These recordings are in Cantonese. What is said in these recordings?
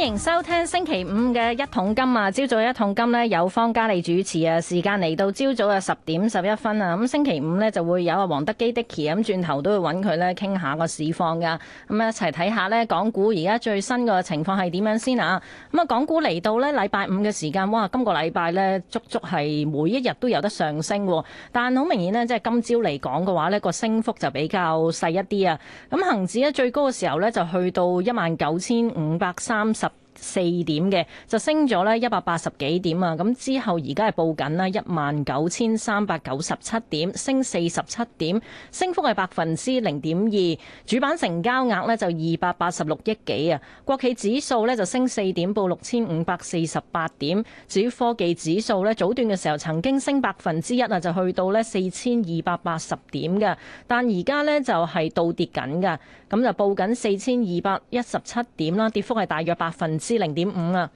歡迎收聽星期五嘅一桶金啊！朝早一桶金咧，有方嘉利主持啊。時間嚟到朝早嘅十點十一分啊。咁星期五咧就會有黃德基 Dicky 啊，咁轉頭都會揾佢咧傾下個市況噶。咁啊一齊睇下咧，港股而家最新個情況係點樣先啊？咁啊，港股嚟到咧禮拜五嘅時間，哇！今個禮拜咧足足係每一日都有得上升，但好明顯咧，即係今朝嚟講嘅話咧個升幅就比較細一啲啊。咁恒指咧最高嘅時候咧就去到一萬九千五百三十。四點嘅就升咗呢一百八十幾點啊，咁之後而家係報緊啦一萬九千三百九十七點，升四十七點，升幅係百分之零點二，主板成交額呢就二百八十六億幾啊，國企指數呢就升四點報六千五百四十八點，至於科技指數呢，早段嘅時候曾經升百分之一啊，就去到呢四千二百八十點㗎，但而家呢，就係倒跌緊㗎。咁就報緊四千二百一十七點啦，跌幅係大約百分之零點五啊。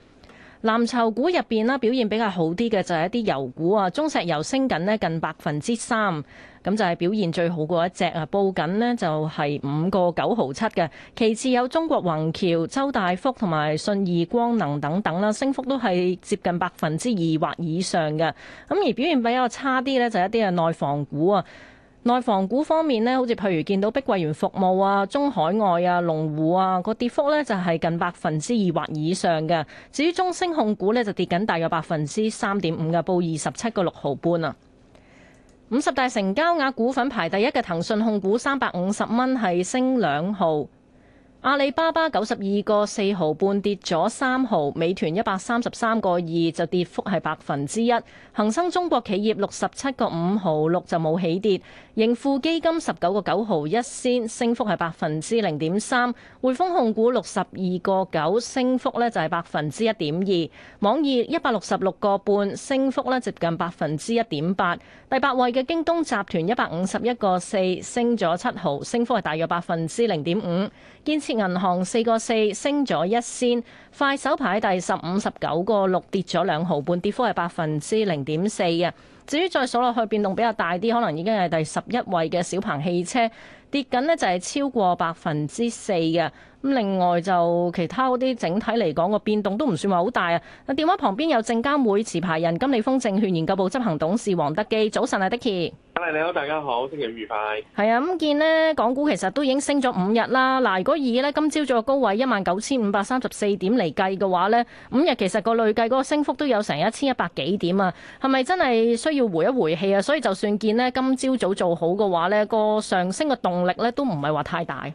藍籌股入邊啦，表現比較好啲嘅就係一啲油股啊，中石油升緊呢近百分之三，咁就係表現最好嗰一隻啊，報緊呢就係五個九毫七嘅。其次有中國宏橋、周大福同埋信義光能等等啦，升幅都係接近百分之二或以上嘅。咁而表現比較差啲呢，就一啲啊內房股啊。內房股方面咧，好似譬如見到碧桂園服務啊、中海外啊、龍湖啊，個跌幅呢，就係近百分之二或以上嘅。至於中升控股呢，就跌緊大約百分之三點五嘅，報二十七個六毫半啊。五十大成交額股份排第一嘅騰訊控股三百五十蚊，係升兩毫。阿里巴巴九十二個四毫半，跌咗三毫，美團一百三十三個二就跌幅係百分之一，恒生中國企業六十七個五毫六就冇起跌，盈富基金十九個九毫一先，升幅係百分之零點三，匯豐控股六十二個九，升幅呢就係百分之一點二，網易一百六十六個半，升幅呢接近百分之一點八，第八位嘅京東集團一百五十一個四升咗七毫，升幅係大約百分之零點五，建設。銀行四個四升咗一仙，快手排第十五十九個六跌咗兩毫半，跌幅係百分之零點四嘅。至於再數落去變動比較大啲，可能已經係第十一位嘅小鵬汽車。跌緊呢就係超過百分之四嘅，咁另外就其他嗰啲整體嚟講個變動都唔算話好大啊。啊電話旁邊有證監會持牌人金利豐證券研究部執行董事黃德基，早晨啊，Dicky。嚟你好，大家好，星期五愉快。係啊，咁見呢港股其實都已經升咗五日啦。嗱，如果以呢今朝早嘅高位一萬九千五百三十四點嚟計嘅話呢，五日其實個累計嗰個升幅都有成一千一百幾點啊。係咪真係需要回一回氣啊？所以就算見呢今朝早做好嘅話呢個上升嘅動力咧都唔係話太大，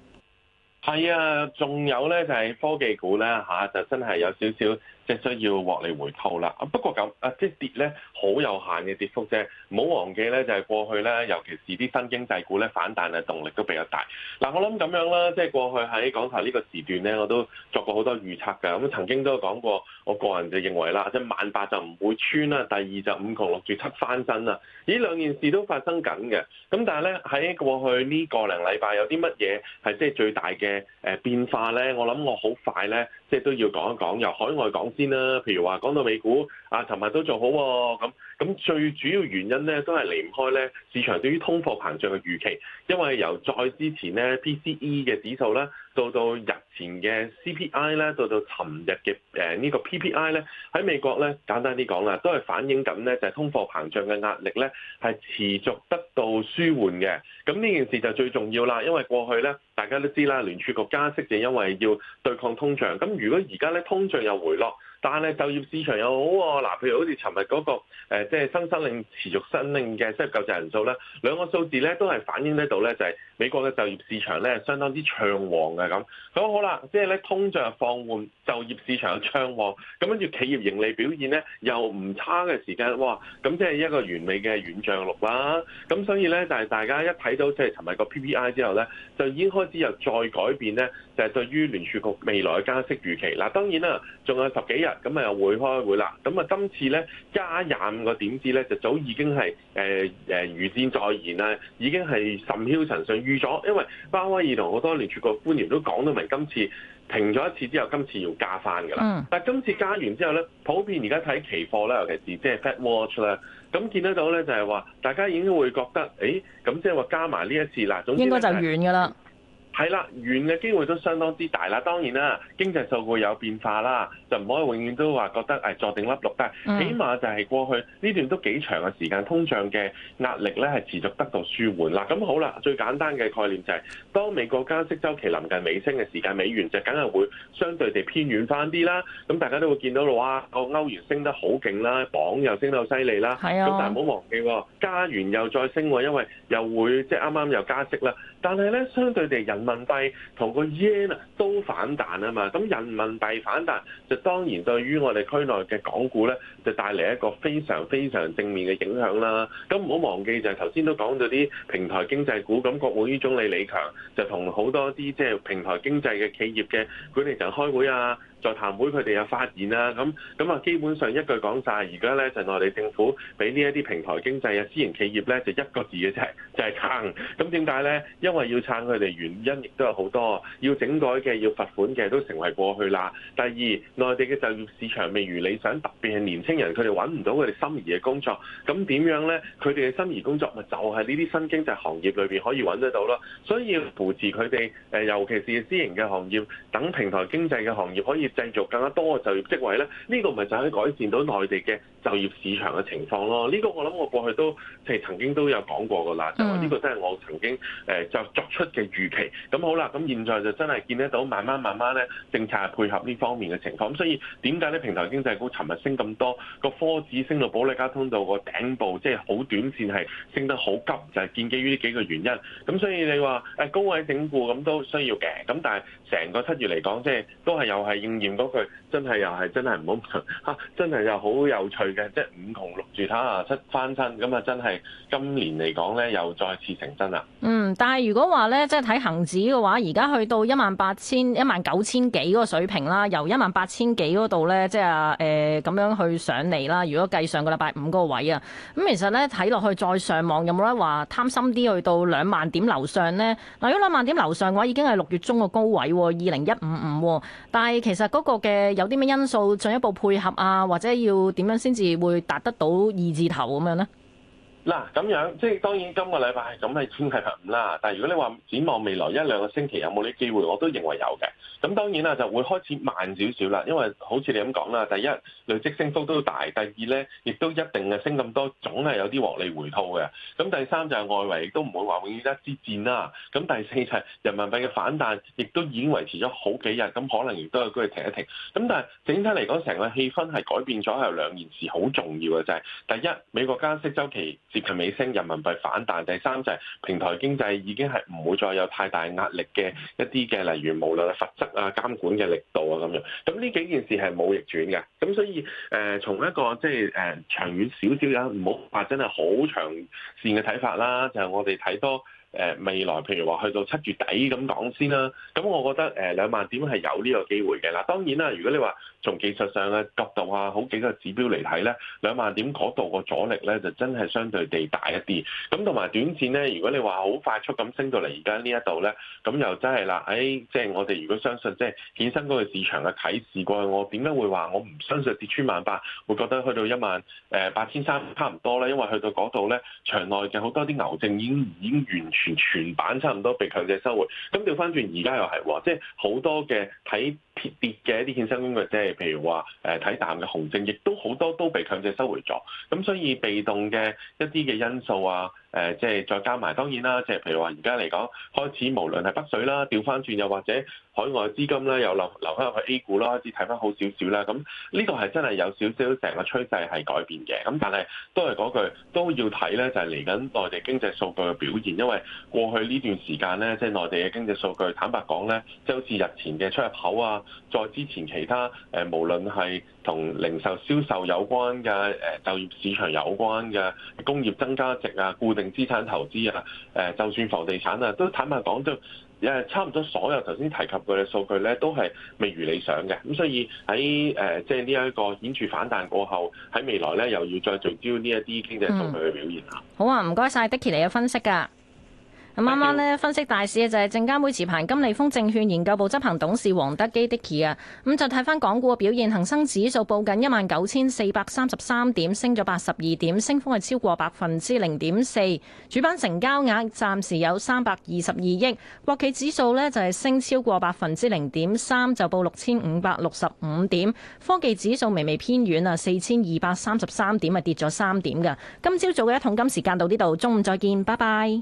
係啊，仲有咧就係科技股咧吓，就真係有少少即係需要獲利回吐啦。不過咁啊，即係跌咧好有限嘅跌幅啫。唔好忘記咧，就係過去咧，尤其是啲新經濟股咧反彈嘅動力都比較大。嗱、啊，我諗咁樣啦，即、就、係、是、過去喺港台呢個時段咧，我都作過好多預測㗎。咁、嗯、曾經都講過，我個人就認為啦，即係萬八就唔會穿啦，第二就五窮六絕七翻身啦。呢兩件事都發生緊嘅。咁、嗯、但係咧，喺過去呢個零禮拜有啲乜嘢係即係最大嘅誒變化咧？我諗我好快咧，即係都要講一講。由海外講先啦，譬如話講到美股。啊，尋日都做好喎，啊，咁咁最主要原因咧，都係離唔開咧市場對於通貨膨脹嘅預期，因為由再之前咧 PCE 嘅指數咧，到到日前嘅 CPI 咧，到到尋日嘅誒呢個 PPI 咧，喺美國咧簡單啲講啦，都係反映緊咧就係通貨膨脹嘅壓力咧，係持續得到舒緩嘅。咁呢件事就最重要啦，因為過去咧大家都知啦，聯儲局加息就因為要對抗通脹。咁如果而家咧通脹又回落，但係咧就業市場又好喎，嗱，譬如好似尋日嗰個即係、就是、新申領持續申領嘅失業救濟人數咧，兩個數字咧都係反映得到咧就係美國嘅就業市場咧相當之暢旺。係咁，咁、嗯、好啦，即係咧通脹放緩，就業市場暢旺，咁跟住企業盈利表現咧又唔差嘅時間，哇！咁即係一個完美嘅軟著陸啦。咁、嗯、所以咧，就係大家一睇到即係尋日個 PPI 之後咧，就已經開始又再改變咧，就係對於聯儲局未來嘅加息預期。嗱，當然啦，仲有十幾日咁啊，又會開會啦。咁啊，今次咧加廿五個點子咧，就早已經係誒誒漸漸再現啦，已經係甚囂塵上預咗，因為鮑威爾同好多聯儲局官員。都講到明，今次停咗一次之後，今次要加翻噶啦。但係今次加完之後咧，普遍而家睇期貨咧，尤其是即係 Fed Watch 咧，咁見得到咧就係話，大家已經會覺得，誒、欸，咁即係話加埋呢一次啦，總之、就是、應該就遠噶啦。係啦，遠嘅機會都相當之大啦。當然啦，經濟數據有變化啦，就唔可以永遠都話覺得誒、哎、坐定粒六。但係起碼就係過去呢段都幾長嘅時間，通脹嘅壓力咧係持續得到舒緩啦。咁好啦，最簡單嘅概念就係、是、當美國加息週期臨近尾聲嘅時間，美元就梗係會相對地偏軟返啲啦。咁大家都會見到哇，個歐元升得好勁啦，鎊又升得好犀利啦。係是啊。咁但係唔好忘記，加元又再升，因為又會即係啱啱又加息啦。但係咧，相對地人人民幣同個 yen 啊都反彈啊嘛，咁人民幣反彈就當然對於我哋區內嘅港股咧就帶嚟一個非常非常正面嘅影響啦。咁唔好忘記就係頭先都講咗啲平台經濟股，咁國務院總理李強就同好多啲即係平台經濟嘅企業嘅佢哋就開會啊。座談會佢哋嘅發展啦、啊，咁咁啊基本上一句講晒，而家咧就內地政府俾呢一啲平台經濟啊、私營企業咧就一個字嘅啫，就係、是、撐。咁點解咧？因為要撐佢哋原因亦都有好多，要整改嘅、要罰款嘅都成為過去啦。第二，內地嘅就業市場未如理想，特別係年青人佢哋揾唔到佢哋心儀嘅工作。咁點樣咧？佢哋嘅心儀工作咪就係呢啲新經濟行業裏邊可以揾得到咯。所以要扶持佢哋，誒尤其是私營嘅行業、等平台經濟嘅行業可以。製造更加多嘅就業職位咧，呢、這個唔係就可以改善到內地嘅就業市場嘅情況咯，呢個我諗我過去都即係曾經都有講過㗎啦，因呢個都係我曾經誒就作出嘅預期。咁好啦，咁現在就真係見得到慢慢慢慢咧，政策係配合呢方面嘅情況。咁所以點解啲平台經濟股尋日升咁多？個科指升到保歷加通道個頂部，即係好短線係升得好急，就係建基於呢幾個原因。咁所以你話誒高位整固咁都需要嘅，咁但係成個七月嚟講，即係都係又係應驗嗰句，真係、啊、又係真係唔好嚇，真係又好有趣。嘅即係五窮六絕七翻身。咁啊真係今年嚟講咧又再次成真啦。嗯，但係如果話咧即係睇恒指嘅話，而家去到一萬八千一萬九千幾嗰個水平啦，由一萬八千幾嗰度咧即係啊誒咁樣去上嚟啦。如果計上個禮拜五嗰個位啊，咁、嗯、其實咧睇落去再上望有冇得話貪心啲去到兩萬點樓上咧？嗱，如果兩萬點樓上嘅話，已經係六月中嘅高位二零一五五喎，但係其實嗰個嘅有啲咩因素進一步配合啊，或者要點樣先？至會達得到二字頭咁樣咧？嗱咁樣，即係當然今個禮拜係咁係千四百五啦。但係如果你話展望未來一兩個星期有冇呢啲機會，我都認為有嘅。咁當然啦，就會開始慢少少啦，因為好似你咁講啦，第一累積升幅都大，第二咧亦都一定係升咁多，總係有啲獲利回吐嘅。咁第三就係外圍亦都唔會話永遠一枝箭啦。咁第四就係人民幣嘅反彈，亦都已經維持咗好幾日，咁可能亦都有機會停一停。咁但係整體嚟講，成個氣氛係改變咗，係兩件事好重要嘅就係，第一美國加息周期。係尾升，人民幣反彈。第三就係、是、平台經濟已經係唔會再有太大壓力嘅一啲嘅，例如無論罰則啊、監管嘅力度啊咁樣。咁呢幾件事係冇逆轉嘅。咁所以誒、呃，從一個即係誒長遠少少有唔好話真係好長線嘅睇法啦。就係、是、我哋睇多。誒未來譬如話去到七月底咁講先啦，咁我覺得誒兩萬點係有呢個機會嘅嗱。當然啦，如果你話從技術上嘅角度啊，好幾個指標嚟睇咧，兩萬點嗰度個阻力咧就真係相對地大一啲。咁同埋短線咧，如果你話好快速咁升到嚟而家呢一度咧，咁又真係啦，誒，即係我哋如果相信即係衍生嗰個市場嘅啟示過去，我點解會話我唔相信跌穿萬八，會覺得去到一萬誒八千三差唔多咧？因為去到嗰度咧，場內就好多啲牛證已經已經完全。全全版差唔多被強者收回，咁調翻轉，而家又係，即係好多嘅睇。跌嘅一啲衍生工具，即係譬如話誒睇淡嘅熊證，亦都好多都被強制收回咗。咁所以被動嘅一啲嘅因素啊，誒即係再加埋，當然啦，即係譬如話而家嚟講開始，無論係北水啦，調翻轉又或者海外資金啦，又留留翻入去 A 股啦，開始睇翻好少少啦。咁呢個係真係有少少成個趨勢係改變嘅。咁但係都係嗰句都要睇咧，就係嚟緊內地經濟數據嘅表現，因為過去呢段時間咧，即係內地嘅經濟數據，坦白講咧，即係好似日前嘅出入口啊。再之前其他誒，無論係同零售銷售有關嘅誒，就業市場有關嘅工業增加值啊、固定資產投資啊、誒，就算房地產啊，都坦白講，都誒差唔多所有頭先提及嘅數據咧，都係未如理想嘅。咁所以喺誒，即係呢一個顯著反彈過後，喺未來咧又要再聚焦呢一啲經濟數據嘅表現啦，嗯。好啊，唔該晒 Dicky 你嘅分析㗎，啊。啱啱呢分析大市嘅就係證監會持牌金利豐證券研究部執行董事黃德基迪奇啊，咁就睇翻港股嘅表現，恒生指數報緊一萬九千四百三十三點，升咗八十二點，升幅係超過百分之零點四。主板成交額暫時有三百二十二億，國企指數咧就係升超過百分之零點三，就報六千五百六十五點，科技指數微微偏軟啊，四千二百三十三點啊，跌咗三點噶，今朝早嘅一桶金時間到呢度，中午再見，拜拜。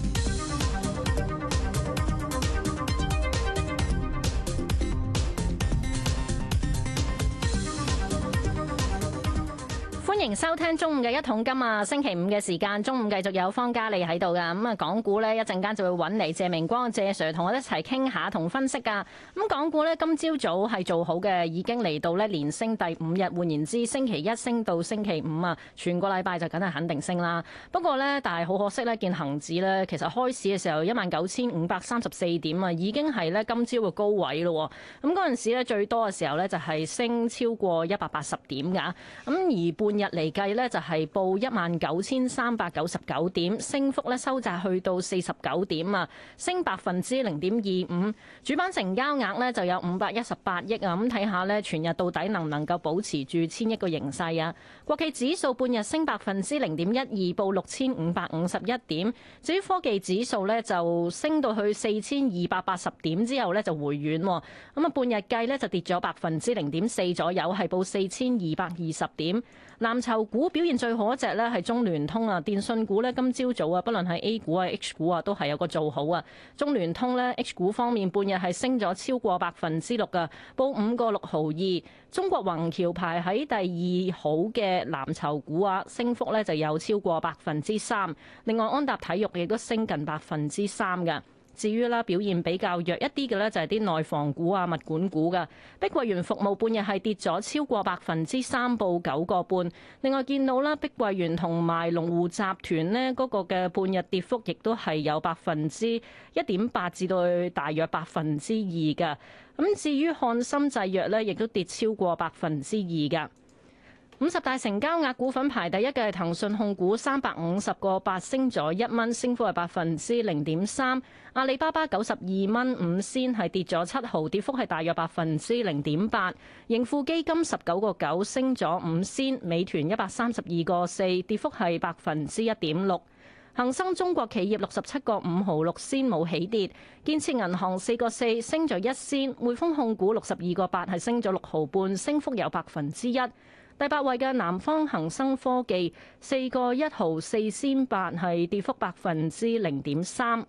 歡迎收聽中午嘅一桶金啊！星期五嘅時間，中午繼續有方嘉利喺度噶，咁啊，港股呢，一陣間就會搵嚟謝明光謝 Sir 同我一齊傾下同分析噶。咁港股呢，今朝早係做好嘅，已經嚟到呢連升第五日。換言之，星期一升到星期五啊，全個禮拜就梗係肯定升啦。不過呢，但係好可惜呢件恒指呢，其實開始嘅時候一萬九千五百三十四點啊，已經係呢今朝嘅高位咯。咁嗰陣時呢最多嘅時候呢，就係升超過一百八十點噶。咁而半日。嚟計呢，計就係報一萬九千三百九十九點，升幅呢收窄去到四十九點啊，升百分之零點二五。主板成交額呢，就有五百一十八億啊，咁睇下呢，全日到底能唔能夠保持住千億個形勢啊？國企指數半日升百分之零點一二，報六千五百五十一點。至於科技指數呢，就升到去四千二百八十點之後呢，就回軟，咁啊半日計呢，就跌咗百分之零點四左右，係報四千二百二十點。籌股表現最好一隻咧，係中聯通啊！電信股咧今朝早啊，不論喺 A 股啊、H 股啊，都係有個做好啊！中聯通呢，H 股方面半日係升咗超過百分之六噶，報五個六毫二。中國宏橋排喺第二好嘅藍籌股啊，升幅呢就有超過百分之三。另外，安踏體育亦都升近百分之三嘅。至於啦，表現比較弱一啲嘅咧，就係啲內房股啊、物管股嘅。碧桂園服務半日係跌咗超過百分之三到九個半。另外見到啦，碧桂園同埋龍湖集團呢，嗰個嘅半日跌幅亦都係有百分之一點八至到大約百分之二嘅。咁至於漢森製藥呢，亦都跌超過百分之二嘅。五十大成交額股份排第一嘅係騰訊控股三百五十個八，升咗一蚊，升幅係百分之零點三。阿里巴巴九十二蚊五仙，係跌咗七毫，跌幅係大約百分之零點八。盈富基金十九個九，升咗五仙。美團一百三十二個四，跌幅係百分之一點六。恒生中國企業六十七個五毫六仙，冇起跌。建設銀行四個四，升咗一仙。匯豐控股六十二個八，係升咗六毫半，升幅有百分之一。第八位嘅南方恒生科技四個一毫四仙八，係跌幅百分之零點三，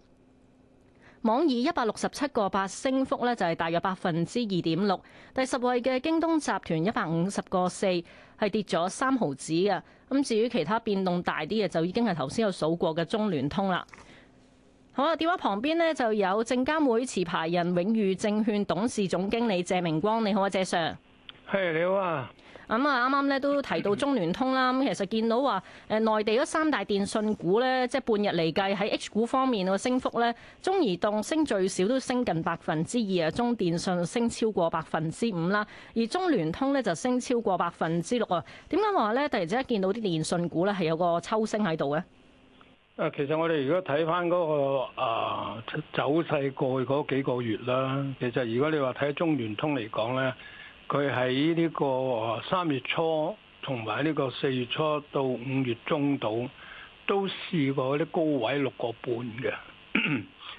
網易一百六十七個八，升幅呢，就係大約百分之二點六。第十位嘅京東集團一百五十個四，係跌咗三毫子嘅。咁至於其他變動大啲嘅，就已經係頭先有數過嘅中聯通啦。好啊，電話旁邊呢就有證監會持牌人永裕證券董事總經理謝明光，你好啊，謝 Sir。係你好啊。咁啊，啱啱咧都提到中聯通啦。咁其實見到話，誒內地嗰三大電信股咧，即係半日嚟計喺 H 股方面個升幅咧，中移動升最少都升近百分之二啊，中電信升超過百分之五啦，而中聯通咧就升超過百分之六啊。點解話咧？突然之間見到啲電信股咧係有個抽升喺度嘅？誒，其實我哋如果睇翻嗰個啊走勢過去嗰幾個月啦，其實如果你話睇中聯通嚟講咧。佢喺呢個三月初，同埋呢個四月初到五月中度，都試過啲高位六個半嘅。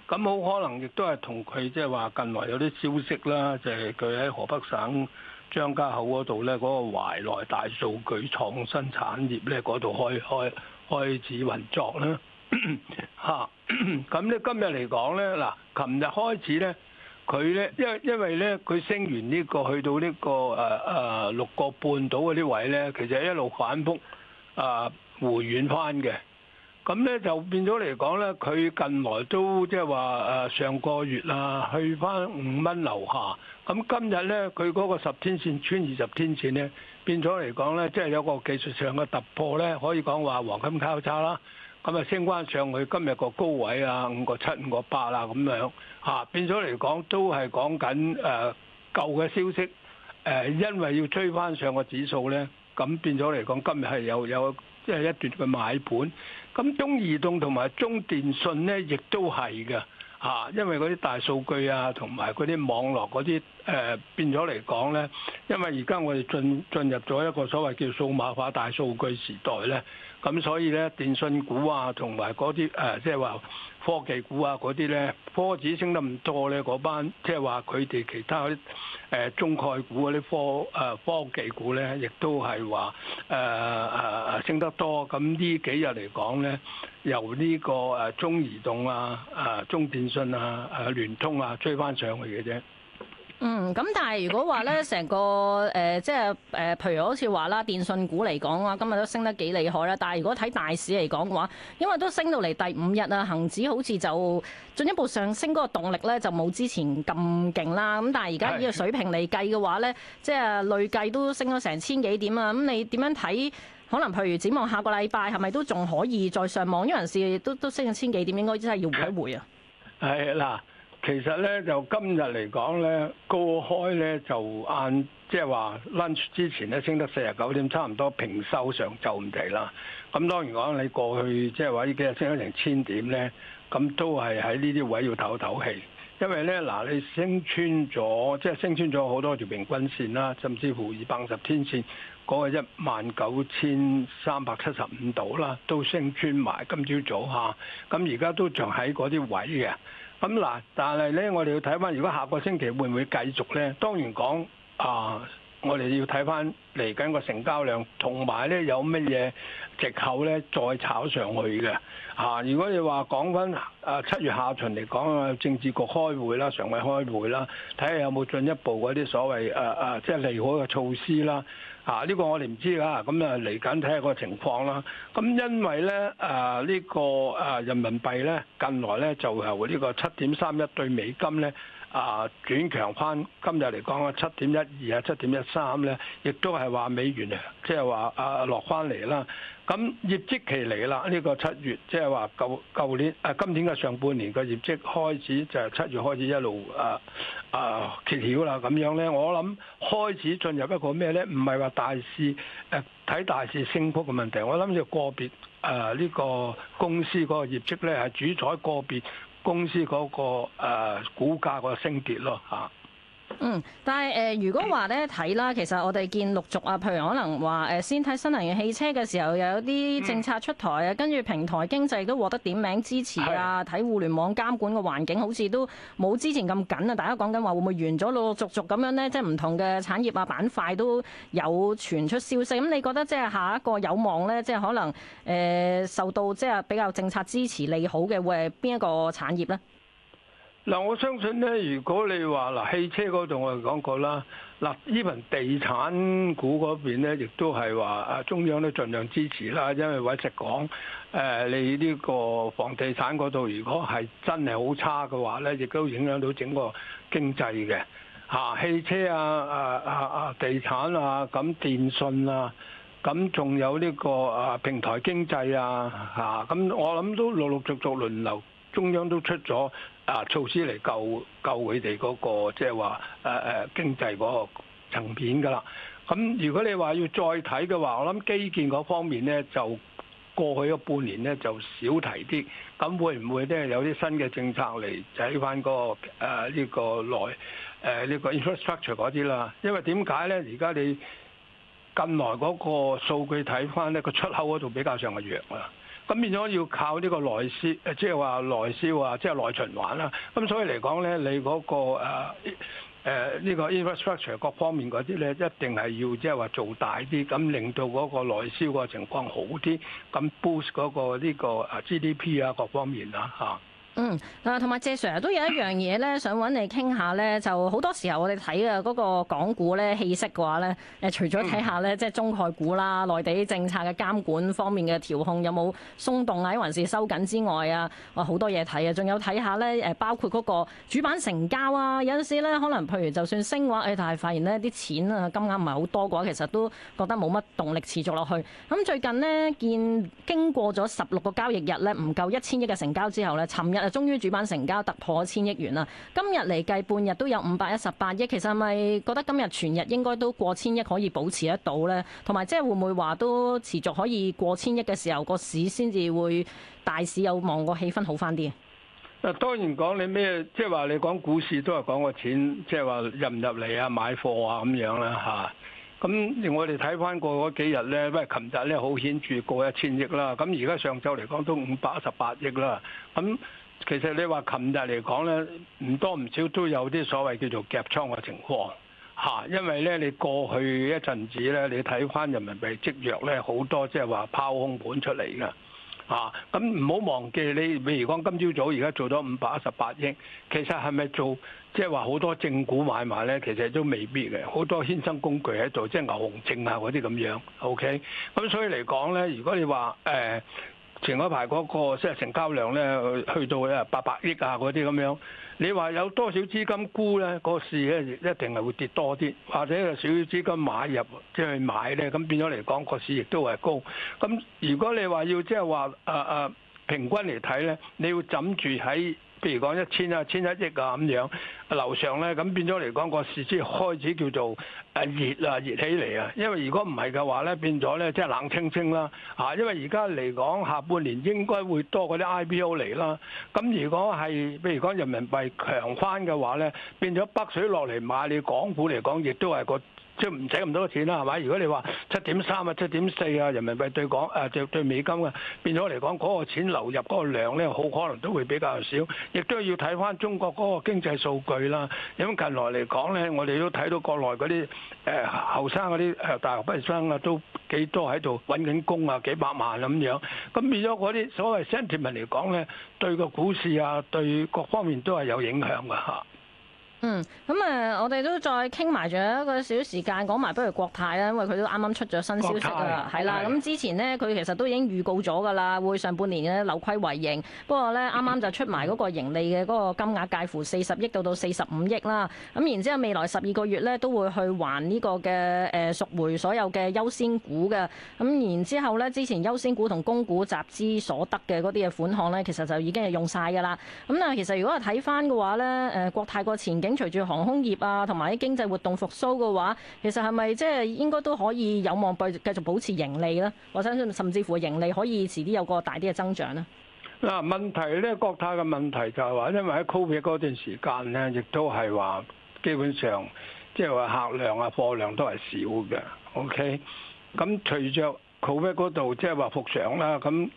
咁 好可能亦都係同佢即係話近來有啲消息啦，就係佢喺河北省張家口嗰度呢，嗰個懷來大數據創新產業呢嗰度開開開始運作啦。嚇！ 咁呢 今日嚟講呢，嗱，琴日開始呢。佢咧，因因為咧，佢升完呢、這個去到呢、這個誒誒、呃、六個半度嗰啲位咧，其實一路反覆啊、呃、回軟翻嘅。咁咧就變咗嚟講咧，佢近來都即係話誒上個月啊，去翻五蚊樓下。咁今日咧，佢嗰個十天線穿二十天線咧，變咗嚟講咧，即、就、係、是、有個技術上嘅突破咧，可以講話黃金交叉啦。咁啊，升翻上去今日個高位啊，五個七、五個八啦咁樣嚇，變咗嚟講都係講緊誒舊嘅消息。誒、呃，因為要追翻上個指數咧，咁變咗嚟講，今日係有有即係、就是、一段嘅買盤。咁中移動同埋中電信咧，亦都係嘅嚇，因為嗰啲大數據啊，同埋嗰啲網絡嗰啲誒，變咗嚟講咧，因為而家我哋進進入咗一個所謂叫數碼化大數據時代咧。咁所以咧，電信股啊，同埋嗰啲誒，即係話科技股啊，嗰啲咧，科指升得唔多咧，嗰班即係話佢哋其他啲誒中概股嗰啲科誒科技股咧，亦都係話誒誒誒升得多。咁呢幾日嚟講咧，由呢個誒中移動啊、誒、啊、中電信啊、誒、啊、聯通啊追翻上去嘅啫。嗯，咁但係如果話咧，成個誒即係誒，譬如好似話啦，電信股嚟講啊，今日都升得幾厲害啦。但係如果睇大市嚟講嘅話，因為都升到嚟第五日啦，恒指好似就進一步上升嗰個動力咧就冇之前咁勁啦。咁但係而家呢個水平嚟計嘅話咧，即係是的 累計都升咗成千幾點啊。咁你點樣睇？可能譬如展望下個禮拜係咪都仲可以再上網？因為是都都升咗千幾點，應該真係要回一回啊。係啦。其實咧，就今日嚟講咧，高開咧就按，即係話 lunch 之前咧升得四十九點，差唔多平收上就唔地啦。咁當然講你過去即係話呢幾日升咗成千點咧，咁都係喺呢啲位要唞唞氣，因為咧嗱，你升穿咗，即係升穿咗好多條平均線啦，甚至乎二百五十天線嗰個一萬九千三百七十五度啦，都升穿埋。今朝早下咁而家都仲喺嗰啲位嘅。咁嗱、嗯，但係咧，我哋要睇翻，如果下個星期會唔會繼續咧？當然講啊，我哋要睇翻嚟緊個成交量，同埋咧有乜嘢藉口咧，再炒上去嘅嚇、啊。如果你話講翻啊，七月下旬嚟講啊，政治局開會啦，常委開會啦，睇下有冇進一步嗰啲所謂誒誒、啊啊，即係利好嘅措施啦。啊！呢、這個我哋唔知啦，咁啊嚟緊睇下看看個情況啦。咁、啊、因為咧，誒、啊、呢、這個誒人民幣咧近來咧就係呢個七點三一對美金咧。啊，轉強翻，今日嚟講啊，七點一二啊，七點一三咧，亦都係話美元啊，即係話啊落翻嚟啦。咁業績期嚟啦，呢個七月即係話舊舊年啊，今年嘅上半年個業績開始就係七月開始一路啊啊揭曉啦咁樣咧，我諗開始進入一個咩咧？唔係話大市誒睇大市升幅嘅問題，我諗住個別誒呢個公司嗰個業績咧係主宰個別公司嗰個誒股價個升跌咯吓！嗯，但係誒、呃，如果話咧睇啦，其實我哋見陸續啊，譬如可能話誒、呃、先睇新能源汽車嘅時候，有啲政策出台啊，嗯、跟住平台經濟都獲得點名支持啊，睇、嗯、互聯網監管嘅環境好似都冇之前咁緊啊。大家講緊話會唔會完咗陸陸續續咁樣咧？即係唔同嘅產業啊板塊都有傳出消息。咁你覺得即係下一個有望咧，即係可能誒、呃、受到即係比較政策支持利好嘅，會係邊一個產業咧？嗱，我相信咧，如果你話嗱汽車嗰度，我哋講過啦。嗱，依份地產股嗰邊咧，亦都係話啊，中央都盡量支持啦。因為我一直講誒，你呢個房地產嗰度，如果係真係好差嘅話咧，亦都影響到整個經濟嘅嚇、啊。汽車啊啊啊啊，地產啊，咁、啊、電信啊，咁、啊、仲有呢個啊平台經濟啊嚇。咁、啊、我諗都陸陸續續輪流，中央都出咗。那個就是、啊！措施嚟救救佢哋嗰個即係話誒誒經濟嗰個層面噶啦。咁如果你話要再睇嘅話，我諗基建嗰方面咧就過去咗半年咧就少提啲。咁會唔會即係有啲新嘅政策嚟睇翻嗰個誒呢、啊這個內誒呢個 infrastructure 嗰啲啦？因為點解咧？而家你近來嗰個數據睇翻咧個出口嗰度比較上嘅弱啊。咁變咗要靠呢個內銷，誒即係話內銷啊，即係內循環啦。咁所以嚟講咧，你嗰個誒誒呢個 infrastructure 各方面嗰啲咧，一定係要即係話做大啲，咁令到嗰個內銷個情況好啲，咁 boost 嗰個呢個啊 GDP 啊各方面啊。嚇。嗯，嗱，同埋謝 Sir 都有一樣嘢咧，想揾你傾下咧，就好多時候我哋睇啊嗰個港股咧氣息嘅話咧，誒除咗睇下咧，即係中概股啦、內地政策嘅監管方面嘅調控有冇鬆動啊，還是收緊之外啊，哇好多嘢睇啊，仲有睇下咧，誒包括嗰個主板成交啊，有陣時咧可能譬如就算升嘅話，哎，但係發現呢啲錢啊金額唔係好多嘅話，其實都覺得冇乜動力持續落去。咁、嗯、最近呢，見經過咗十六個交易日咧唔夠一千億嘅成交之後咧，尋日。誒，終於主板成交突破千億元啦！今日嚟計半日都有五百一十八億，其實係咪覺得今日全日應該都過千億可以保持得到呢？同埋即係會唔會話都持續可以過千億嘅時候，個市先至會大市有望個氣氛好翻啲啊？誒，當然講你咩，即係話你講股市都係講個錢，即係話入唔入嚟啊，買貨啊咁樣啦嚇。咁我哋睇翻過嗰幾日咧，喂，琴日呢，好顯著過一千億啦，咁而家上晝嚟講都五百一十八億啦，咁。其實你話琴日嚟講咧，唔多唔少都有啲所謂叫做夾倉嘅情況嚇，因為咧你過去一陣子咧，你睇翻人民幣積弱咧，好多即係話拋空盤出嚟嘅嚇。咁唔好忘記你，比如講今朝早而家做咗五百一十八億，其實係咪做即係話好多正股買賣咧？其實都未必嘅，好多衍生工具喺度，即係牛熊證啊嗰啲咁樣。OK，咁所以嚟講咧，如果你話誒，呃前嗰排嗰個即係成交量咧，去到咧八百億啊，嗰啲咁樣。你話有多少資金沽咧？個市咧一定係會跌多啲，或者係少少資金買入即係、就是、買咧，咁變咗嚟講個市亦都係高。咁如果你話要即係話啊啊平均嚟睇咧，你要枕住喺。譬如講一千啊，千一億啊咁樣樓上咧，咁變咗嚟講個市先開始叫做誒熱啊熱起嚟啊。因為如果唔係嘅話咧，變咗咧即係冷清清啦嚇、啊，因為而家嚟講下半年應該會多嗰啲 IPO 嚟啦，咁如果係譬如講人民幣強翻嘅話咧，變咗北水落嚟買你港股嚟講，亦都係個。即唔使咁多錢啦，係咪？如果你話七點三啊、七點四啊，人民幣對港誒、呃、對對美金嘅變咗嚟講，嗰、嗰個錢流入嗰個量咧，好可能都會比較少。亦都要睇翻中國嗰個經濟數據啦。因為近來嚟講咧，我哋都睇到國內嗰啲誒後生嗰啲大學畢業生啊，都幾多喺度揾緊工啊，幾百萬咁樣。咁變咗嗰啲所謂 sentiment 嚟講咧，對個股市啊，對各方面都係有影響㗎吓。嗯，咁、嗯、啊，我哋都再傾埋仲有一個小時間講埋，不如國泰啦，因為佢都啱啱出咗新消息啦，係啦。咁之前呢，佢其實都已經預告咗㗎啦，會上半年咧扭虧為盈。不過呢，啱啱就出埋嗰個盈利嘅嗰個金額介乎四十億到到四十五億啦。咁然之後未來十二個月呢，都會去還呢個嘅誒贖回所有嘅優先股嘅。咁然之後呢，之前優先股同供股集資所得嘅嗰啲嘅款項呢，其實就已經係用晒㗎啦。咁啊，其實如果係睇翻嘅話呢，誒、呃、國泰個前景。隨住航空業啊，同埋啲經濟活動復甦嘅話，其實係咪即係應該都可以有望繼繼續保持盈利咧？我相信，甚至乎盈利可以遲啲有個大啲嘅增長咧？嗱，問題咧，國泰嘅問題就係話，因為喺 Covid 嗰段時間咧，亦都係話基本上即係話客量啊、貨量都係少嘅。OK，咁隨着 Covid 嗰度即係話復常啦，咁。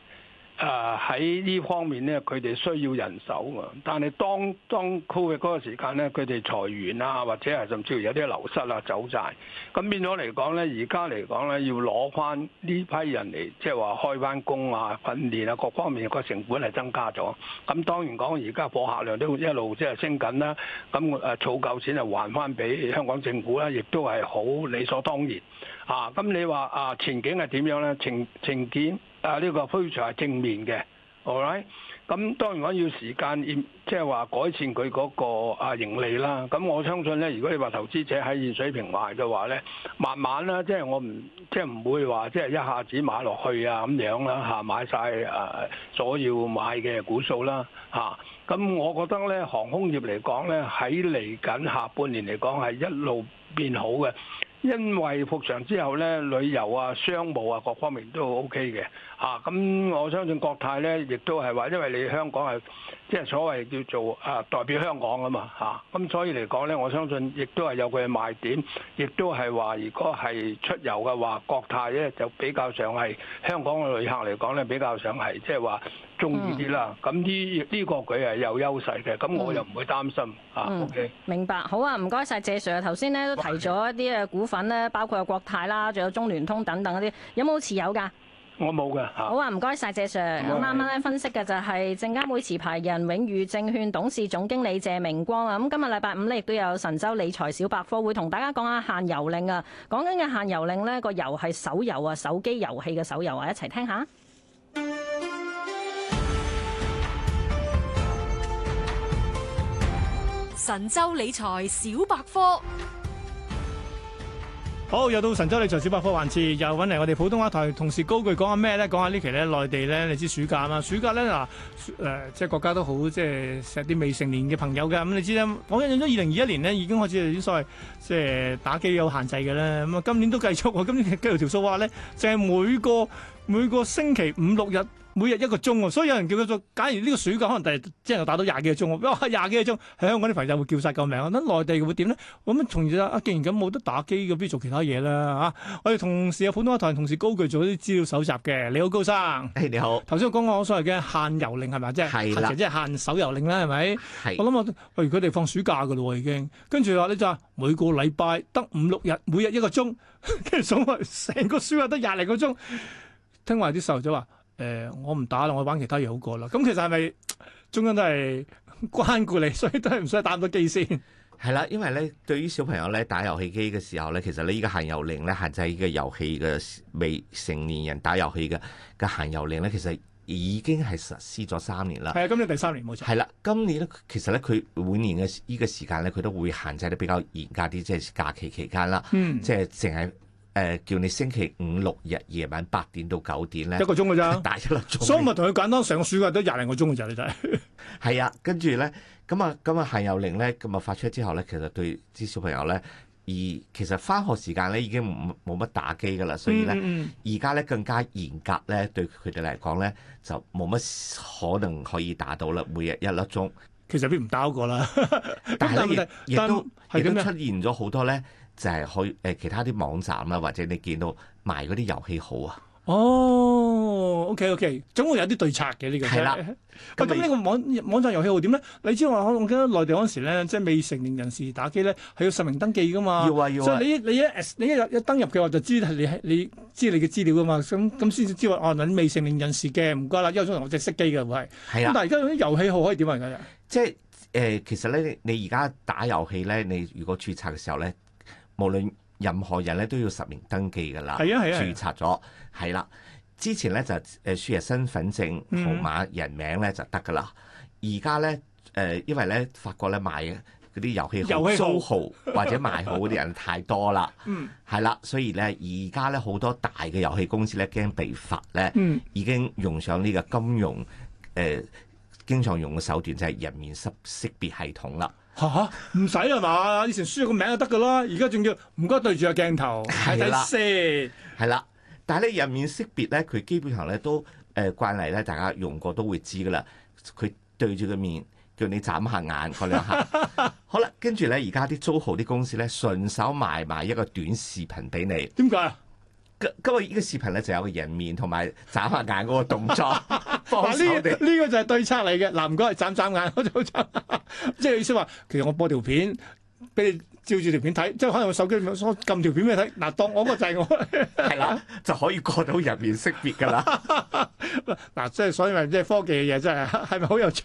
誒喺呢方面呢，佢哋需要人手啊！但係當當 COVID 嗰個時間咧，佢哋裁員啊，或者係甚至有啲流失啊、走曬，咁變咗嚟講呢，而家嚟講呢要攞翻呢批人嚟即係話開翻工啊、訓練啊，各方面個成本係增加咗。咁當然講而家貨客量都一路即係升緊、啊、啦。咁誒儲夠錢就還翻俾香港政府啦、啊，亦都係好理所當然。啊，咁你話啊前景係點樣呢？情情景？啊！呢、這個 p i c 正面嘅，all right。咁當然講要時間，要即係話改善佢嗰個啊盈利啦。咁我相信咧，如果你話投資者喺現水平買嘅話咧，慢慢啦，即、就、係、是、我唔即係唔會話即係一下子買落去啊咁樣啦嚇，買晒啊所要買嘅股數啦嚇。咁、啊、我覺得咧，航空業嚟講咧，喺嚟緊下半年嚟講係一路變好嘅。因為復常之後咧，旅遊啊、商務啊各方面都 O K 嘅嚇，咁、啊、我相信國泰咧，亦都係話，因為你香港係即係所謂叫做啊代表香港嘛啊嘛嚇，咁所以嚟講咧，我相信亦都係有佢嘅賣點，亦都係話，如果係出遊嘅話，國泰咧就比較上係香港嘅旅客嚟講咧，比較想係即係話。就是中意啲啦，咁呢呢個佢係有優勢嘅，咁我又唔會擔心嚇。O K，明白，好啊，唔該曬謝 Sir 啊。頭先咧都提咗一啲嘅股份咧，包括有國泰啦，仲有中聯通等等嗰啲，有冇持有噶？我冇噶嚇。好啊，唔該曬謝 Sir。我啱啱咧分析嘅就係證監會持牌人永裕證券董事總經理謝明光啊。咁今日禮拜五咧亦都有神州理財小百科，會同大家講下限遊令啊。講緊嘅限遊令咧，個遊係手遊啊，手機遊戲嘅手遊啊，一齊聽下。神州理財小百科，好，又到神州理財小百科環節，又揾嚟我哋普通話台同事高句講下咩咧？講下呢期咧內地咧，你知暑假啊嘛？暑假咧嗱，誒、呃、即係國家都好即係錫啲未成年嘅朋友嘅咁，嗯，你知我印象咗二零二一年咧已經開始有啲所謂即係打機有限制嘅啦。咁啊今年都繼續啊，今年繼續條數話咧，就係每個每個星期五六日。每日一個鐘喎，所以有人叫佢做。假如呢個暑假可能第日即係又打到廿幾個鐘，哇、哦！廿幾個鐘，喺香港啲肥仔會叫晒救命。咁內地會點咧？咁從而啊，既然咁冇得打機，咁不如做其他嘢啦嚇。我哋同事有普通話台同事高佢做啲資料搜集嘅，你好高生。你好，頭先我講好我所謂嘅限遊令係咪啊？即係即係限手遊令啦，係咪？的我諗我譬如佢哋放暑假噶啦喎，已經跟住話咧就每個禮拜得五六日，每日一個鐘，跟住總共成個暑假得廿零個鐘。聽話啲細路仔話。誒、呃，我唔打啦，我玩其他嘢好過啦。咁其實係咪中央都係關顧你，所以都係唔使打咁多機先？係啦，因為咧，對於小朋友咧打遊戲機嘅時候咧，其實你呢個限遊令咧限制呢個遊戲嘅未成年人打遊戲嘅嘅限遊令咧，其實已經係實施咗三年啦。係啊，今年第三年冇錯。係啦，今年咧，其實咧，佢每年嘅呢個時間咧，佢都會限制得比較嚴格啲，即係假期期間啦，嗯、即係淨係。誒、呃，叫你星期五六日夜晚八點到九點咧，一個鐘噶咋， 打一粒鐘。所以咪同佢簡單成個暑假都廿零個鐘嘅咋，你睇。係 啊，跟住咧，咁啊，咁啊限遊令咧，咁啊發出之後咧，其實對啲小朋友咧，而其實返學時間咧已經冇冇乜打機噶啦，所以咧，而家咧更加嚴格咧，對佢哋嚟講咧，就冇乜可能可以打到啦。每日一粒鐘，其實邊唔打過啦 呢， 但係亦都亦都出現咗好多咧。就係可以誒，其他啲網站啦，或者你見到賣嗰啲遊戲號啊？哦，OK OK，總會有啲對策嘅呢個。係啦，咁呢個網網站遊戲號點咧？你知我我記得內地嗰陣時咧，即係未成年人士打機咧係要實名登記噶嘛。要啊要啊。所以你你一你一一登入嘅話，我就知你你知你嘅資料噶嘛。咁咁先至知話哦，嗱，未成年人士嘅唔該啦，休息完我即係熄機嘅會係。係啊。咁但係而家嗰啲遊戲號可以點啊？而家即係誒，其實咧，你而家打遊戲咧，你如果註冊嘅時候咧。無論任何人咧都要實名登記噶啦，啊啊、註冊咗係啦。之前咧就誒輸入身份證號碼人名咧就得噶啦。而家咧誒，因為咧法國咧賣嗰啲遊戲，遊戲號、租號或者賣號啲人太多啦，嗯，係啦，所以咧而家咧好多大嘅遊戲公司咧驚被罰咧，嗯、已經用上呢個金融誒、呃、經常用嘅手段就係、是、人面識識別系統啦。嚇嚇唔使啊嘛！以前輸個名就得噶啦，而家仲要唔該對住個鏡頭睇先。係啦，但係咧人面識別咧，佢基本上咧都誒、呃、慣嚟咧，大家用過都會知噶啦。佢對住個面叫你眨下眼嗰 兩下，好啦，跟住咧而家啲租號啲公司咧順手埋賣埋一個短視頻俾你。點解？今今日依個視頻咧就有個人面同埋眨下眼嗰個動作，防守呢個就係對策嚟嘅。嗱，唔該，眨眨眼嗰個 即係意思話，其實我播條片俾你。照住條片睇，即係可能我手機冇，我撳條片畀你睇。嗱，當我嗰個就係我係啦，就可以過到人面識別㗎啦。嗱，即係所以話即係科技嘅嘢，真係係咪好有趣？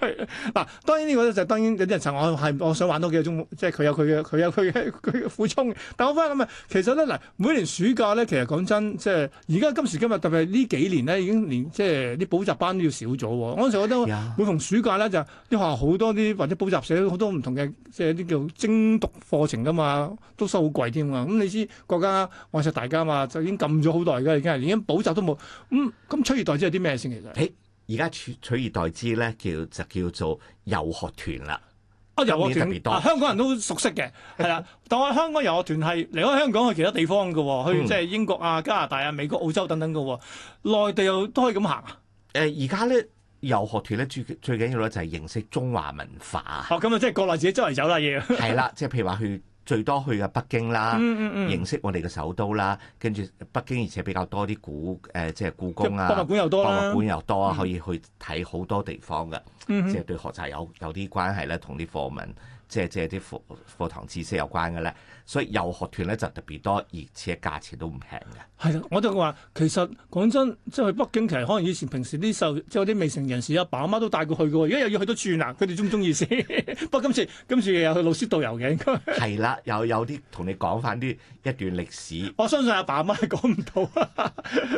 嗱、啊，當然呢、呢個咧就當然有啲人曾我係我想玩多幾個鐘，即係佢有佢嘅佢有佢嘅佢嘅苦衷。但我翻嚟諗啊，其實咧嗱，每年暑假咧，其實講真，即係而家今時今日特別係呢幾年咧，已經連即係啲補習班都要少咗。我成日覺得每逢暑假咧，就啲、是、學校好多啲或者補習社好多唔同嘅即係啲叫精讀課程啊嘛，都收好貴添啊！咁你知國家話事大家嘛，就已經禁咗好耐噶，已經連啲補習都冇。咁咁取而代之係啲咩先其實？而家取取而代之咧，叫就叫做遊學團啦。啊，遊學團特別多，香港人都熟悉嘅，係啊。但係香港遊學團係離開香港去其他地方嘅、喔，去即係英國啊、加拿大啊、美國、澳洲等等嘅。內、嗯嗯、地又都可以咁行啊？誒，而家咧遊學團咧最最緊要咧就係認識中華文化。哦，咁啊，即係國內自己周圍走啦，要係啦，即係譬如話去。最多去嘅北京啦，嗯嗯嗯認識我哋嘅首都啦，跟住北京而且比較多啲古誒、呃，即係故宮啊，博物館又多、啊、博物館又多、啊，嗯、可以去睇好多地方嘅，嗯嗯即係對學習有有啲關係咧，同啲課文。即係即係啲課課堂知識有關嘅咧，所以遊學團咧就特別多，而且價錢都唔平嘅。係啦，我就話其實講真，即係去北京其實可能以前平時啲受即係啲未成年人士阿爸阿媽都帶佢去過，而家又要去到轉啦，佢哋中唔中意先？不 過今次今次又有老師導遊嘅。應該係啦，有有啲同你講翻啲一段歷史。我相信阿爸阿媽係講唔到啊，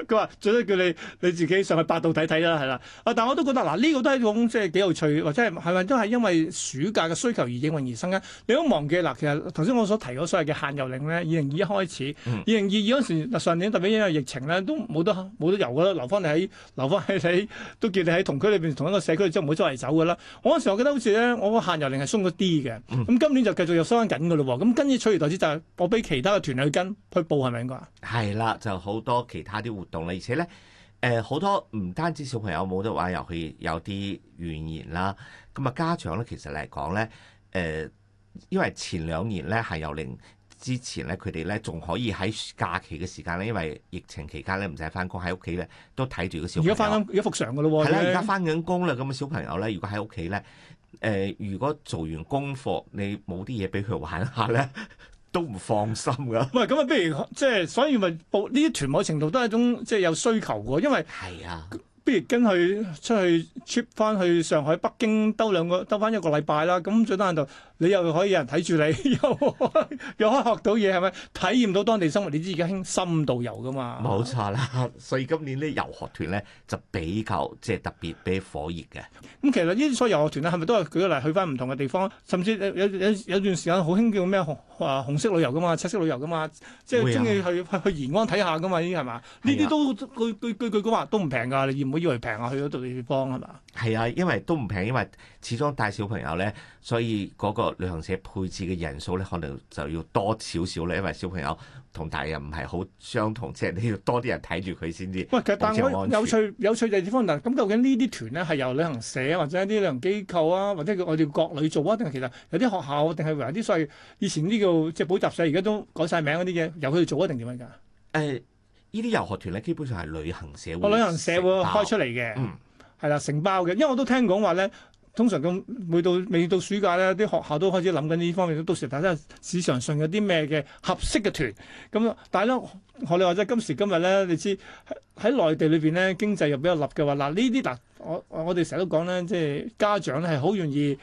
佢 話最多叫你你自己上去百度睇睇啦，係啦、啊。但我都覺得嗱，呢、啊呢個都係一種即係幾有趣，或者係係咪都係因為暑假嘅需求而影響，而生嘅，你都忘記啦。其實頭先我所提嗰所謂嘅限遊令咧，二零二一開始，二零二二嗰時，嗯、上年特別因為疫情咧，都冇得冇得遊嘅啦，留翻你喺留翻喺你，都叫你喺同區裏邊同一個社區，即係唔好周圍走嘅啦。我嗰時候我覺得好似咧，我個限遊令係鬆咗啲嘅，咁、嗯、今年就繼續又收翻緊嘅咯。咁跟住取而代之就係我俾其他嘅團去跟去報係咪應該？係啦，就好多其他啲活動啦，而且咧，誒、呃、好多唔單止小朋友冇得玩遊戲，有啲怨言啦。咁啊，家長咧其實嚟講咧。誒、呃，因為前兩年咧係有令之前咧，佢哋咧仲可以喺假期嘅時間咧，因為疫情期間咧唔使翻工喺屋企咧，都睇住個小朋友。而家翻緊，而家復常噶啦喎。係啦、啊，而家翻緊工啦，咁、那、嘅、個、小朋友咧，如果喺屋企咧，誒、呃，如果做完功課，你冇啲嘢俾佢玩下咧，都唔放心噶。喂咁啊，不如即係、就是，所以咪報呢啲團某程度都係一種即係、就是、有需求嘅，因為係啊。不如跟佢出去 trip 翻去上海、北京兜兩個，兜翻一個禮拜啦。咁最多就～你又可以有人睇住你，又 又可以學到嘢，係咪？體驗到當地生活。你知而家興深度遊噶嘛？冇錯啦，所以今年啲遊學團咧就比較即係、就是、特別，比較火熱嘅。咁其實呢啲所有遊學團咧，係咪都係舉例去翻唔同嘅地方？甚至有有有段時間好興叫咩紅啊紅色旅遊噶嘛，七色旅遊噶嘛，即係中意去、啊、去延安睇下噶嘛，依啲係嘛？呢啲、啊、都句，句句句句講話都唔平㗎，你唔好以為平啊去嗰度地方係嘛？係啊，因為都唔平，因為始終帶小朋友咧，所以嗰、那個。旅行社配置嘅人數咧，可能就要多少少咧，因為小朋友同大人唔係好相同，即係你要多啲人睇住佢先知。喂，但 有趣有趣地方嗱，咁究竟呢啲團呢，係由旅行社或者一啲旅行機構啊，或者我哋國內做啊，定係其實有啲學校定係為啲所謂以前呢叫即係補習社，而家都改晒名嗰啲嘢，由佢做啊，定點樣㗎？誒、呃，呢啲遊學團咧基本上係旅行社我、呃、旅行社會開出嚟嘅，係啦、嗯，承包嘅，因為我都聽講話咧。通常咁每到未到暑假咧，啲學校都開始諗緊呢方面，到時睇下市場上有啲咩嘅合適嘅團咁、嗯。但係咧，學你話齋今時今日咧，你知喺內地裏邊咧經濟又比較立嘅話，嗱呢啲嗱我我哋成日都講咧，即係家長咧係好願意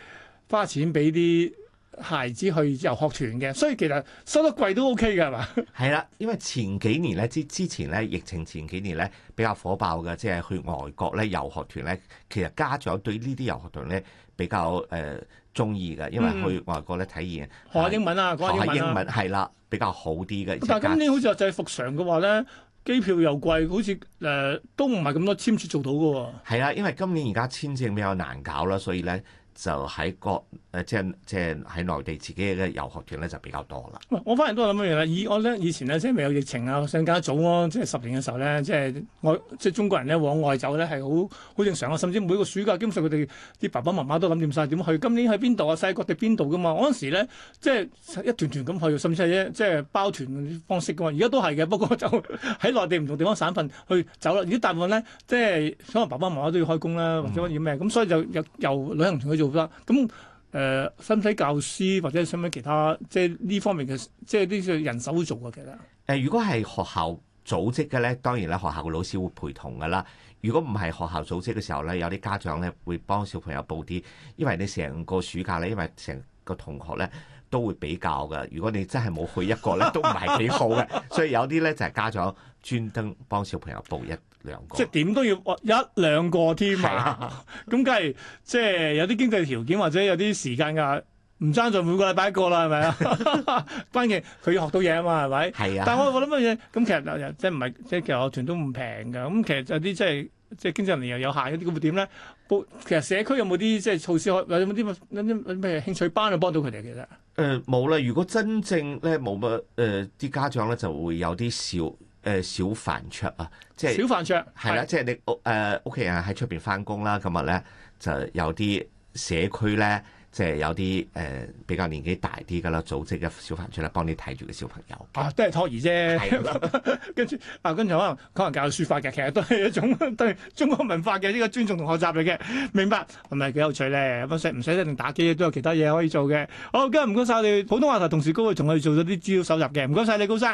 花錢俾啲孩子去遊學團嘅，所以其實收得貴都 OK 嘅，係嘛？係啦，因為前幾年咧之之前咧疫情前幾年咧比較火爆嘅，即係去外國咧遊學團咧，其實家長對呢啲遊學團咧比較誒中意嘅，因為去外國咧體驗、嗯、學下英文啊，學英文啊，係啦、啊，比較好啲嘅。但係今年好似話就係復常嘅話咧，機票又貴，好似誒、呃、都唔係咁多簽署做到嘅喎。係啦，因為今年而家簽證比較難搞啦，所以咧。就喺國誒，即係即係喺內地自己嘅遊學團咧，就比較多啦。我反而都諗一樣啦，以我咧以前呢，即係未有疫情啊，上屆早啊，即係十年嘅時候咧，即係我即係中國人咧往外走咧係好好正常啊。甚至每個暑假，基本上佢哋啲爸爸媽媽都諗掂晒點去。今年喺邊度啊？世界各地邊度㗎嘛？嗰陣時咧，即係一團團咁去，甚至係即係包團方式㗎嘛。而家都係嘅，不過就喺內地唔同地方省份去走啦。而大部分咧，即係可能爸爸媽媽都要開工啦，或者要咩咁，嗯、所以就由由旅行團去。做咁誒，身體教師或者想唔其他，即係呢方面嘅，即係啲人手會做嘅其實。誒，如果係學校組織嘅呢，當然咧學校嘅老師會陪同㗎喇。如果唔係學校組織嘅時候呢，有啲家長呢會幫小朋友報啲，因為你成個暑假呢，因為成個同學呢都會比較嘅。如果你真係冇去一個呢，都唔係幾好嘅。 所以有啲呢，就係家長專登幫小朋友報一。個即係點都要一兩個添啊！咁梗係即係有啲經濟條件或者有啲時間㗎，唔爭在每個禮拜一個啦，係咪啊？ 關鍵佢要學到嘢啊嘛，係咪？係啊！但係我諗乜嘢？咁其實即係唔係即係其實學團都唔平㗎。咁其實有啲即係即係經濟能力又有限嗰啲，咁會點咧？其實社區有冇啲即係措施有冇啲咩興趣班去幫到佢哋？其實誒冇啦。如果真正咧冇乜誒啲家長咧就會有啲少，誒小飯桌啊，即係小飯桌係啦，即係你屋屋企人喺出邊翻工啦，今日咧就有啲社區咧，即係有啲誒比較年紀大啲噶啦，組織嘅小飯桌咧，幫你睇住個小朋友啊，都係托兒啫。的 跟住啊，跟住、啊、可能講下教育書法嘅，其實都係一種對中國文化嘅呢個尊重同學習嚟嘅，明白係咪幾有趣咧？唔使唔使一定打機，都有其他嘢可以做嘅。好、哦，今日唔該晒我哋普通話頭同事高，仲可以做咗啲資料蒐集嘅，唔該晒你高生。